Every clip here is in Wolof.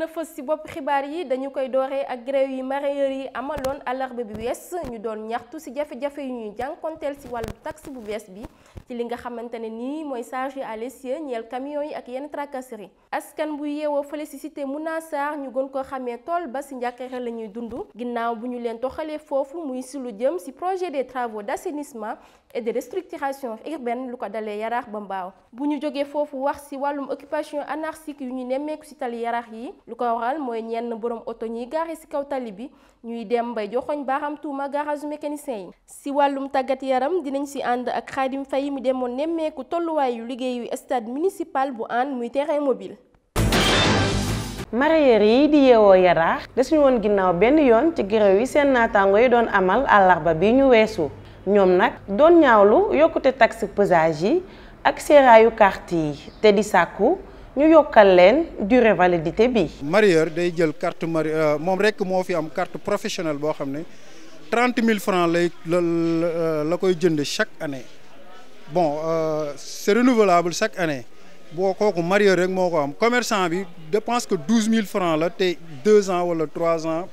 gën a fës ci bopp xibaar yi dañu koy dooree ak grève yi mareyeurs yi amaloon àllarba bi wees ñu doon ñaxtu ci jafe-jafe yu ñuy jànkonteel ci wàllu taxe bu bees bi ci li nga xamante ne nii mooy charge à l'essieu ñeel camions yi ak yenn tracasserie askan bu yeewoo fële ci cité Mounassar ñu gën koo xamee tool ba ci njàqare la ñuy dund ginnaaw bu ñu leen toxalee foofu muy ci jëm ci projet des travaux d'assainissement et de restructuration urbaine lu ko dalé yarax ba mbaw buñu joggé fofu wax ci walum occupation anarchique yu ñu nemmeeku ci tali yarax yi lu ko waral moy ñenn borom auto ñi garé ci kaw tali bi ñuy dem bay joxoñ baxam tuuma garage mécanicien ci walum tagat yaram dinañ ci and ak Khadim fay tollu way yu liggéey yu stade municipal bu and muy terrain mobile mareyeur yi di yeewoo yaraax desuñu woon ginnaw benn yoon ci géréw yi seen naataango yi doon amal alarba bi ñu ñom nak doon ñaawlu pesage yi ak di durée validité euh, carte professionnelle francs euh, chaque année bon euh, c'est renouvelable chaque année bo koku commerçant dépense que francs la deux ans trois ans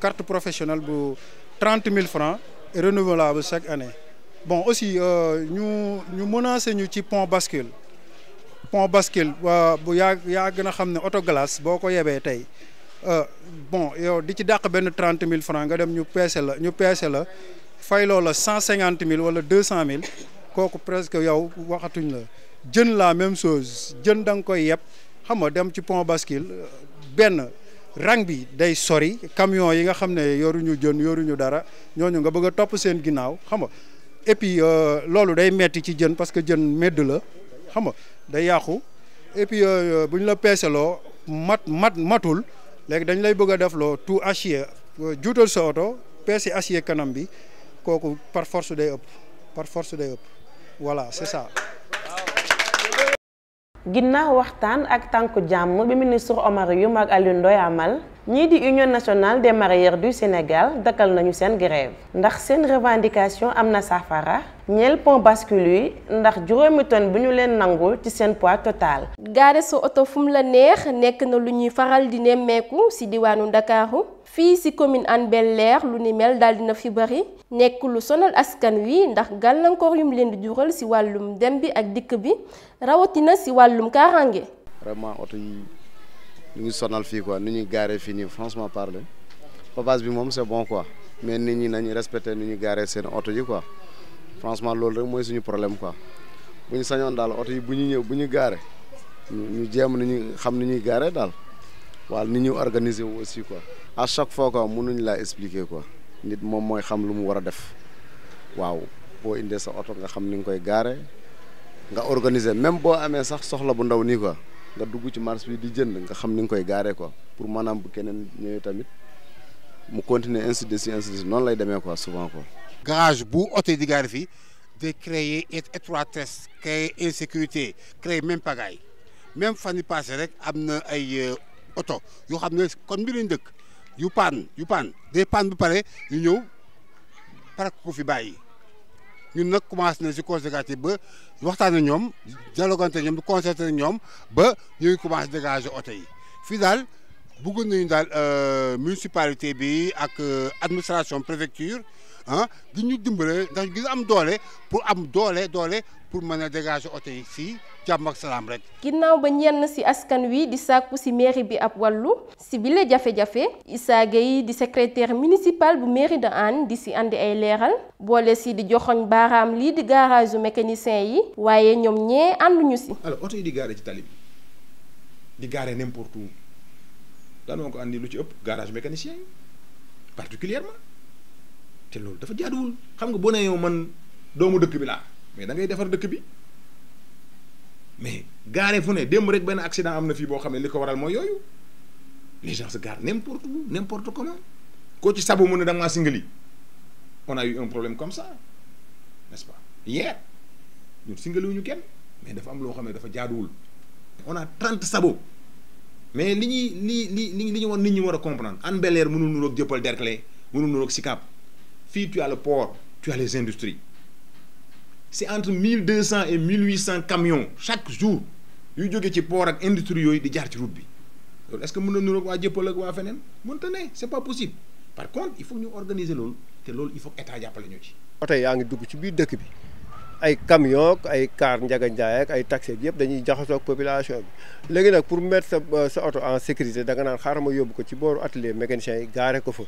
carte professionnelle pour 30 000 francs et renouvelable chaque année. Bon, aussi, nous, euh, nous menaçons un petit pont bascule. Pont bascule, il y a, y a une autoglace, beaucoup de euh, bon, il y a 30 000 francs, nous payons ça. Il y a 150 000 ou 200 000. Il y a presque 20 000. la même chose. Il y a un pont bascule. Ben, rang bi day sori camion yi nga xam ne yoruñu jën yoruñu dara ñoñu nga bëgg top seen ginaaw xam nga et puis euh, lolu day metti ci jeun parce que jeun medd la xam nga day yàqu et puis euh, bu ñu la lo mat mat matul léegi dañ lay bëgg def lo tout acier euh, joutal sa auto peese acier kanam bi koku par force day up par force day up voilà c'est ça ginnaaw waxtaan ak tànku jàmm bi ni ministre Omar yu mag Alioune Ndoye amal Nous, di union nationale des maraîchers du Sénégal nous nañu seen grève ndax revendication amna safara saafara pont bascule yi ndax juróomi tonne bu leen poids total. gaare sa auto fu la neex nekk na faral di si ci Nous commune bel lu mel dina fi bari nous lu sonal askan wi ndax rôle, yum leen di jural ci dem bi vraiment nous sommes sonal fii quoi Nous ñuy garer fini. franchement parler Papa, bi c'est bon quoi mais nit nous nañu respecté nu ñuy garer seen oto yi quoi franchement loolu rek c'est suñu problème quoi bu ñu sañoon daal oto yi bu ñu ñëw garer. ñu gaaree Nous, jéem ni ñu xam ni dans. gaaree daal waaw ñu organiser wu aussi quoi. à chaque fois quoi mënuñ laa expliquer quoi nit moi, mooy xam lu mu war a def waaw boo indee sa oto nga xam ni koy nga organiser même boo amee sax soxla bu ndaw nii quoi nga dugg ci marché bi di jënd nga xam ni nga koy gaaree quoi pour manam bu keneen ñëwee tamit mu continuer ainsi de suite ainsi de suite noonu lay demee quoi souvent quoi. garage bu oto di gaare fii day créer étroitesse créer insécurité créer même pagaille même fan yi paase rek am na ay euh, oto yoo xam ne kon bi lañ dëkk yu paan yu paan day paan bu pare ñu ñëw park ko fi bàyyi. ñun nag commencé na si conséquence ba waxtaan ak ñoom dialogante ñoom di concerté ñoom ba ñuy commencé dégager oto yi fii daal bëggoon nañu daal euh, municipalité bi ak euh, administration préfecture ah di ñu dimbale ndax ngir am doole pour am doole doole pour mën a dégager oto yi fii jàmm ak salaam rek. ginnaaw ba ñenn ci askan wi di sàkku ci mairie bi ab wàllu ci bile jafe-jafe isa Gueye di secrétaire municipal bu mairie de Hann di ci andi ay leeral boole ci di joxoñ baaraam lii di garage yu mécanicien yi waaye ñoom ñee ànduñu ci. alors oto yi di gaare ci tali bi di gaare n'importe où lan moo ko andi lu ci ëpp garage mécanicien particulièrement té loolu dafa jaadul xam nga bo né yow man doomu dëkk bi la mais da ngay défar dëkk bi mais garé fu né dem rek ben accident amna fi bo boo liko waral moy yoyu les gens se garent n'importe où n'importe comment ko ci sabu mëna ne da nga singali on a eu un problème comme ça n'est-ce pas hier ñu singali ñu kenn mais dafa am lo xam dafa jaadul on a 30 sabots mais li ñuy li li li ñu war nit ñi war a comprendre Hann Bel-Air mënul nuroog jëppal Derklé mënul nuroog Sicap Fille, tu as le port, tu as les industries. C'est entre 1200 et 1800 camions chaque jour yu jóge ci port ak industrie yooyu di jaar ci route bi est-ce que nous na nuroog waa jëppal ak waa feneen mënta ne c'est pas possible par contre il faut ñu organiser loolu te loolu il faut état jàppale ñu ci. oto yaa ngi dugg ci biir dëkk bi ay camion ay car njaga njaay ak ay taxi yépp dañuy jaxasoo ak population bi léegi pour mettre sa euh, auto en sécurité da nga naan xaaral ma ko ci boru atelier mécanicien garé ko fa.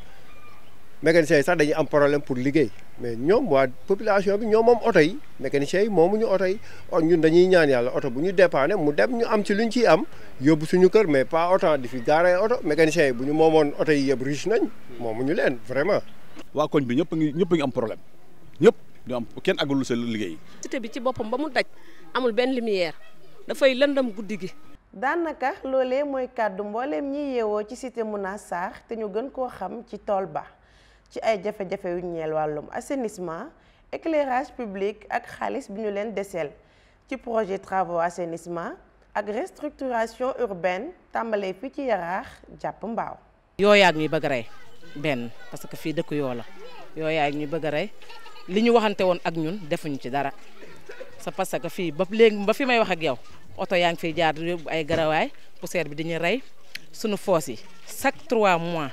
mécanicien sax dañuy am problème pour liggéey mais ñoom waa population bi ñoom moom oto yi mécanicien yi moomuñu oto yi ñun dañuy ñaan yàlla oto bu ñu dépanné mu dem ñu am ci luñ ciy am yóbbu suñu kër mais pas autant di fi gaaree oto mécanicien yi bu ñu moomoon oto yi yëpp riche nañ moomuñu leen vraiment. waa koñ bi ñëpp ngi ñëpp ngi am problème ñëpp ñu am kenn aggalul sa liggéey. cité bi ci boppam ba mu daj amul benn lumière dafay lëndam guddi gi. daanaka loolee mooy kàddu mbooleem ñi yeewoo ci cité Muna Sarr te ñu gën koo xam ci tool ba ci ay jafé jafé yu ñeel walum assainissement éclairage public ak xaliss bi ñu leen déssel ci projet travaux assainissement ak restructuration urbaine tambalé fi ci japp mbaw yo yaag ñu bëgg ray ben parce que fi dekk yo la yaag ñu bëgg ray li ñu waxanté won ak ñun defuñu ci dara sa parce que fi ba léegi ba fi may wax ak yow auto yaang fi jaar ay garaway poussière bi di ñu ray sunu foos yi chaque 3 mois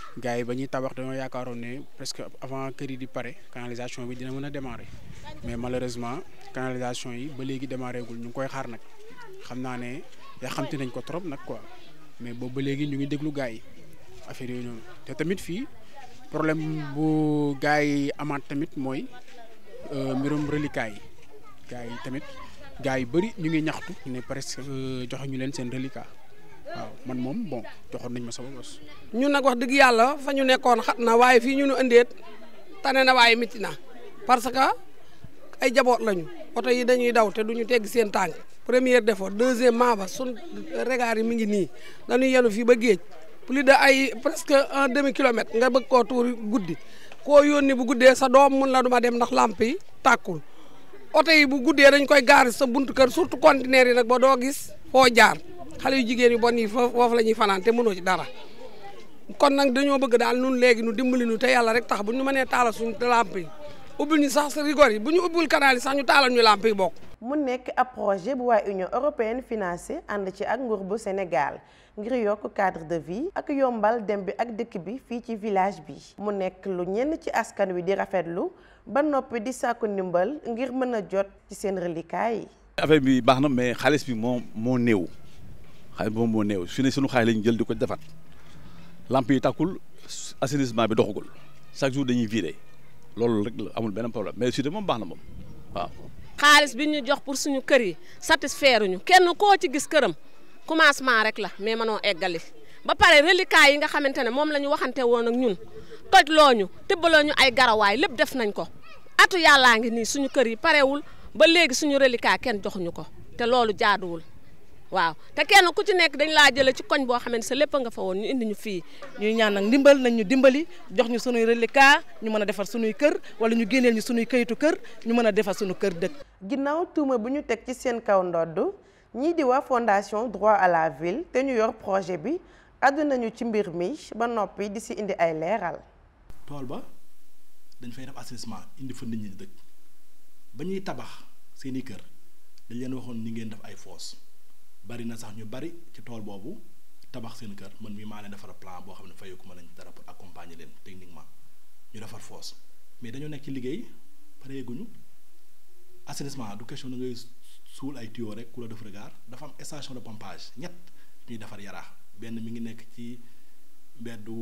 gars yi ba ñuy tabax dañoo yaakaaroon ne presque avant kër yi di pare canalisation bi dina mën a démarrer mais malheureusement canalisation yi ba léegi démarré gul ñu ngi koy xaar nag xam naa ne yaa xamte nañ ko trop nag quoi mais boobu ba léegi ñu ngi déglu gars yi affaire yooyu noonu te tamit fii problème bu gars yi amaat tamit mooy euh, mbirum reliquat yi gars yi tamit gars yi bëri ñu ngi ñaxtu ne presque euh, joxe ñu leen seen reliquat. man mom bon joxon nañ ma sama bos. ñu nak wax deug yalla fa ñu nekkon xatna na fi ñu ñu ëndeet tane na way mitina parce que ay jabot lañu auto yi dañuy daw te duñu tegg seen tànk premier défaut deuxièmement ba sun regard yi mi ngi ni dañuy yenu Pulida ba geej plus de ay presque 1 demi kilomètre nga bëgg ko tour guddi ko yoni bu guddé sa doom mën la duma dem ndax lamp yi tàkkul oto yi bu guddé dañ koy gaari sa buntu kër surtout conteneur yi nak ba do gis fo jaar xale yu jigéen yu bon yi foofu la ñuy fanaan te mënoo ci dara kon nag dañoo bëgg daal nun léegi nu dimbali nu te yàlla rek tax bu ñu mënee taala suñu làmp yi ubbil ñu sax sa rigor yi bu ñu ubbil kanaal yi sax ñu taalal ñu làmp yi bokk. mu nekk ab projet bu waa Union européenne financé ànd ci ak nguur bu Sénégal ngir yokk cadre de vie ak yombal dem bi ak dëkk bi fii ci village bi. mu nekk lu ñenn ci askan wi di lu ba noppi di sàkku ndimbal ngir mën a jot ci seen reliquat yi. affaire baax na mais xaalis bi moo moo néew. xay moom moo néew su ne suñu xaay lañu jël di ko defat lamp yi tàkkul assainissement bi doxagul chaque jour dañuy viré loolu rek la amul benn problème mais su moom baax na moom waaw. xaalis bi ñu jox pour suñu kër yi satisfaire ñu kenn koo ci gis këram commencement rek la mais mënoo eggali ba pare reliquats yi nga xamante ne moom la ñu waxante woon ak ñun toj loo ñu tibbaloo ñu ay garawaay lépp def nañ ko atu yàllaa ngi nii suñu kër yi parewul ba léegi suñu reliquat kenn joxuñu ko te loolu jaaduwul. waaw te kenn ku ci nekk dañ laa jëlee ci koñ boo xamante sa lépp nga fa woon ñu indi ñu fii ñuy ñaan ak ndimbal nañu ñu dimbali jox ñu sunuy reliquat ñu mën a defar sunuy kër wala ñu génneel ñu sunuy kayitu kër ñu mën a defar sunu kër dëkk ginnaaw tuuma bu ñu teg ci seen kaw ndodd ñii di waa fondation droit à la ville te ñu yor projet bi àddu nañu ci mbir mi ba noppi di si indi ay leeral tool ba dañ fay def assainissement indi fa nit ñi dëkk ba ñuy tabax seeni kër dañ leen waxoon ni ngeen def ay fosse bari na sax ñu bari ci tool boobu tabax seen kër man mi maa leen defar plan boo xam ne fayeeku ma lañ dara pour accompagner leen techniquement ñu defar foos mais dañu nekk ci liggéey pareeguñu assainissement du question da ngay suul ay tuyaux rek kula def regard dafa am station de pompage ñett ñuy defar yaraax benn mi ngi nekk ci mbeddu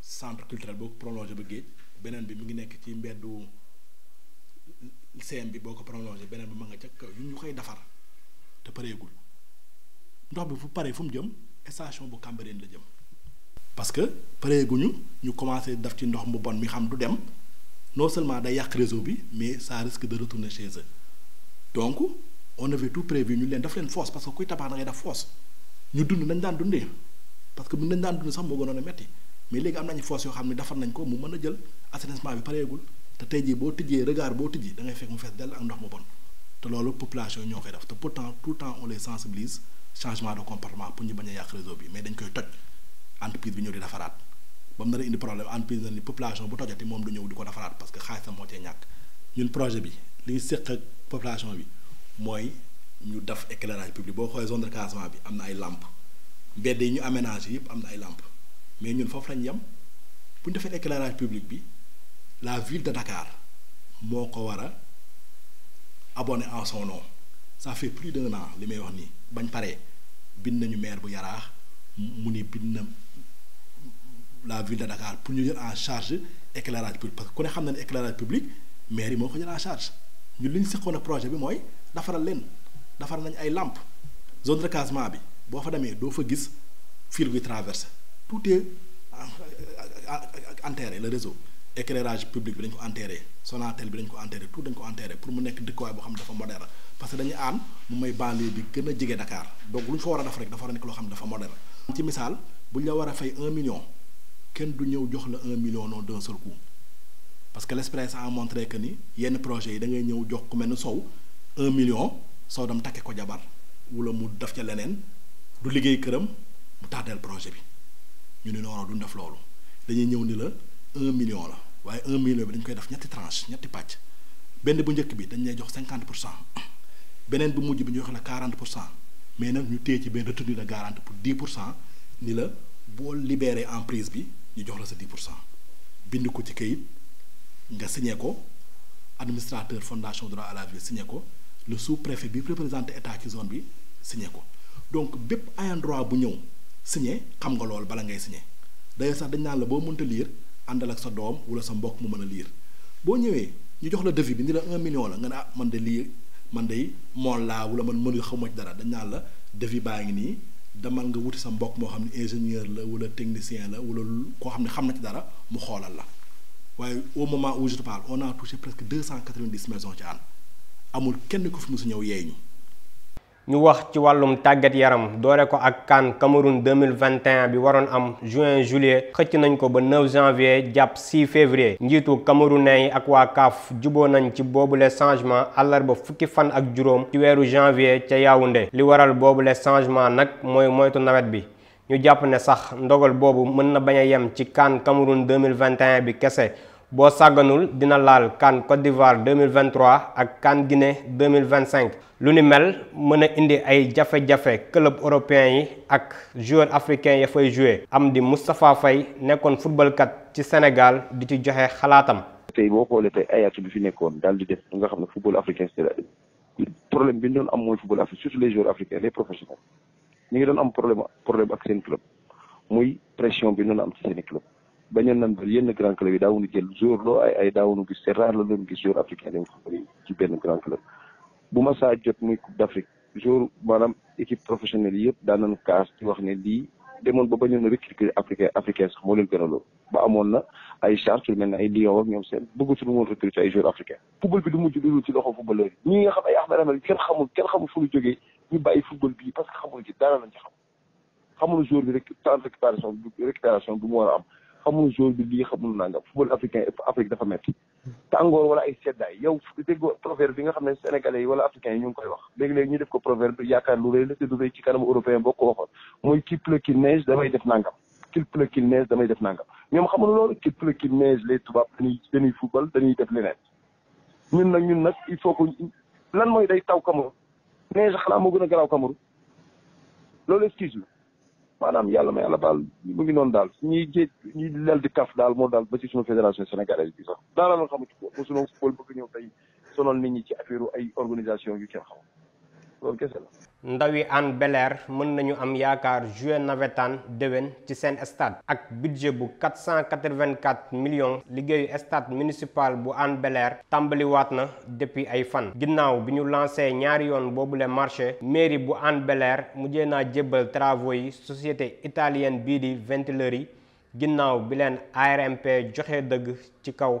centre culturel boo prolonger ba géej beneen bi mi ngi nekk ci mbeddu CM bi boo ko prolongé beneen bi ma nga ca yu ñu koy defar te pareegul ndox bi fu paree fu mu jëm station bu Cambérène la jëm parce que guñu ñu commencé daf ci ndox mu bon mi xam du dem non seulement day yàq réseau bi mais ça risque de retourner chez eux donc on avait tout prévu ñu leen daf leen force parce que kuy tabax da ngay def force ñu dund nañ daan dundee parce que bu nañ daan dund sax moo gënoon a metti mais léegi am nañu force yoo xam ne defar nañ ko mu mën a jël assainissement bi pareegul te tey jii boo tijjee regard boo tijji da ngay fekk mu fees dell ak ndox mu bon te loolu population ñoo koy def te pourtant tout temps on les sensibilise changement de comportement pour ñu bañ a yàq réseau bi mais dañ koy toj entreprise bi ñëw di defaraat ba mu nar indi problème entreprise na ni population bu tojati moom du ñëw di ko defaraat parce que xaalisam moo cee ñàkk ñun projet bi li ñu séq ak population bi mooy ñu def éclairage public boo xoolee zone de recasement bi am na ay lampe mbedd yi ñu aménagé yëpp am na ay lampe mais ñun foofu lañ yem bu ñu defee éclairage public bi la ville de Dakar moo ko war a abonné en son nom ça fait plus d'un an les may ni bagn paré bind nañu maire bu yara mu bind la ville de Dakar pour ñu jël en charge éclairage public parce que ku ne xam na éclairage public maire yi moo ko jël en charge ñu liñ ñu projet bi moy dafaral len dafar nañ ay lampe, zone de recasement bi bo fa demee do fa gis fil guy traversé tout est enterré le réseau éclairage public bi dañ ko enterré Sonatel bi dañ ko enterré tout dañ ko enterré pour mu nekk dëkkuwaay bo xam dafa moderne parce que dañu aan mu may banlieue bi gën a jege Dakar donc lu ñu fa war a def rek dafa war a nekk loo xam ne dafa moderne ci misaal bu ñu la war a fay un million kenn du ñëw jox la un million non d'un seul coup parce que l'expérience a montré que ni yenn projets yi da ñëw jox ku mel ni Sow un million Sow dem takke ko jabar wala mu def ca leneen du liggéey këram mu tardeel projet bi ñu ne noonu duñ def loolu dañuy ñëw ni la un million la waaye un million bi dañ koy def ñetti tranche ñetti pàcc benn bu njëkk bi dañ lay jox cinquante pour cent benen bu mujj bi ñu wax la 40 mais nag ñu téé ci benn retenu la garantie pour 10 ni la bo libéré en prise bi ñu jox la sa 10 bind ko ci kayit nga signé ko administrateur fondation droit à la vie signé ko le sous-préfet bi représenté état ci zone bi signé ko donc bép ayant droit bu ñew signé xam nga lool bala ngay signé d'ailleurs sax dañ na la boo mënta lire andal ak sa doom wala sa mbokk mu mën lire bo ñewé ñu jox la devis bi ni la 1 million la nga ah man de lire man day mool laa wala man mënu xaw ma ci dara dañ naan la devis baa ngi nii demal nga wuti sa mbokk moo xam ne ingénieur la wala technicien la wala koo xam ne xam na ci dara mu xoolal la waaye au moment où je te parle on a touché presque deux cent quatre-vingt-dix maisons ci ànd amul kenn ko fi mu musu ñëw yeey ñu ñu wax ci wàllum tàggat yaram doore ko ak CAN Cameroun 2021 bi waroon am juin juillet xëcc nañ ko ba 9 janvier jàpp 6 février njiitu camerounais yi ak waa CAF juboo nañ ci boobule changement àllarba fukki fan ak juróom ci weeru janvier ca Yaoundé li waral boobule changement nag mooy moytu nawet bi ñu jàpp ne sax ndogal boobu mën na bañ a yem ci CAN Cameroun 2021 bi kese bo sagganul dina laal CAN Côte d'Ivoire 2023 ak CAN Guinée 2025 lu ni mel meuna indi ay jafé jafé club européen yi ak joueur africain ya fay jouer am di Moustapha Faye football kat ci Sénégal di ci joxé xalaatam tey bo xoolee tey Ajax bi fi nekkoon dal di def nga xamné football africain c'est problème bi ñu am mooy football africain surtout les joueurs africains les professionnels ñi ngi don am problème problème ak seen club muy pression bi ñu doon am ci seen club bañoon nañ ba yenn grand club yi daawuñu jël jour loo ay ay saa jot muy coupe d'Afrique maanaam équipe professionnelle yëpp daan nañu kaas ci wax ne lii demoon ba bañoon a recruter africain africain sax moo leen amoon na ay charge yu mel ne ay Lyon ak ñoom seen bëggatuñu woon recruter ay joueurs africains. football bi du mujj lu ci loxo footballeur yi ñi nga xam ay Ahmed Ahmed kenn xamul kenn xamul fu ñu ñu bàyyi football bii parce que xamul ci dara lañ ci xam xamul jour bi rek temps récupération récupération bi mu war a am. xamul joueur bi lii xamul nangam football africain Afrique dafa métti tàngoor wala ay seddaay yow déggoo proverbe bi nga xam ne sénégalais yi wala africains yi ñu ngi koy wax léegi-léegi ñu def ko proverbe yaakaar lu rëy la te du rëy ci kanamu européen boo ko waxoon mooy qu'il pleuve qu'il neige damay def nangam qu'il pleuve qu'il neige damay def nangam ñoom xamul loolu qu'il pleuve qu'il neige les tubaab dañuy dañuy football dañuy def leneen ñun nag ñun nag il faut que lan mooy day taw Cameroun neige xanaa moo gën a garaaw Cameroun loolu excuse la maanaam yàlla ma yàlla baal mu ngi noonu daal ñuy jéej ñuy lel di kaf daal moo daal ba ci suñu fédération sénégalaise bi sax daala loon xamu ci ko mosuno football bëgg ñëw tey sonal nit ñi ci affaire ay organisation yu kenn xamul loolu kese la. yi Hann mën nañu am yaakaar jouer nawetaan déwén ci seen stade. ak budget bu vingt 484 million liggéeyu stade municipal bu Hann Bel-Air tàmbaliwaat na depuis ay fan. ginnaaw bi ñu lancé ñaari yoon boobule marché mairie bu Hann Bel-Air mujjee naa jébbal travaux yi société italienne bii di Ventilleri ginnaaw bi leen ARMP joxe dëgg ci kaw.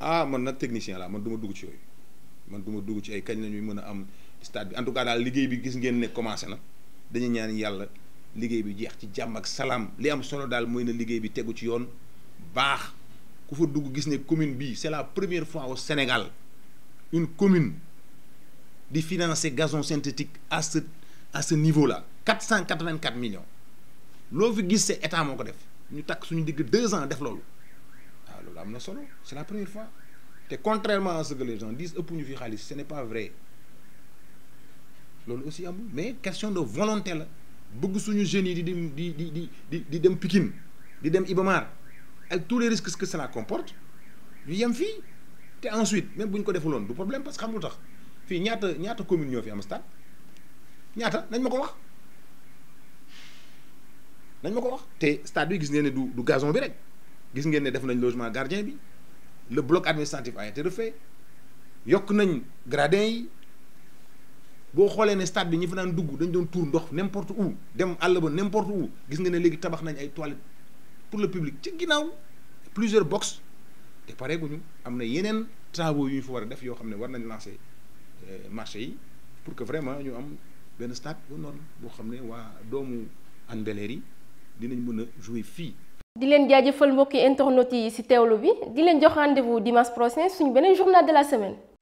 A, ah, mwen nan teknisyen la, mwen doun mwen dougou tiyoy. Mwen doun mwen dougou tiyoy, kanyan mwen mwen am stat bi. An tou kada ligye bi gisnen genne komansen la. Denye nyan yal ligye bi diyak ti djamak salam. Le yam sonodal mwen ligye bi tegou tiyon. Bah, koufou dougou gisnen komine bi. Se la premier fwa ou Senegal. Un komine di finanse gazon sintetik a se nivou la. 484 milyon. Louvi gise etan mwen kodef. Nou tak sou nye digi 2 an def loulou. loolu solo c'est la première fois te contrairement à ce que les gens disent ëpp ñu fi xaalis ce n'est pas vrai loolu aussi amul mais question de volonté la bëgg suñu jeunes yi di dem di di di di di dem Pikine di dem Iba Mar ak tous les risques que cela comporte ñu yem fii te ensuite même bu ñu ko defaloon du problème parce que xam lu tax fii ñaata ñaata commune ñoo fi am stade ñaata nañ ma ko wax nañ ma ko wax te stade bi gis ngeen du du gazon bi rek gis logement le bloc administratif a été refait yokk nañ gradin stade bi ñi fa dugg dañ n'importe où dem n'importe où gis pour le public ci plusieurs box te pareeguñu am na travaux yu fa marché pour que vraiment ñu am benn stade bu norme boo doomu jouer fii di leen jaajëfal mbokki internautes yi ci teewlu bi dileen leen jox rendez-vous dimanche prochain suñu beneen journal de la semaine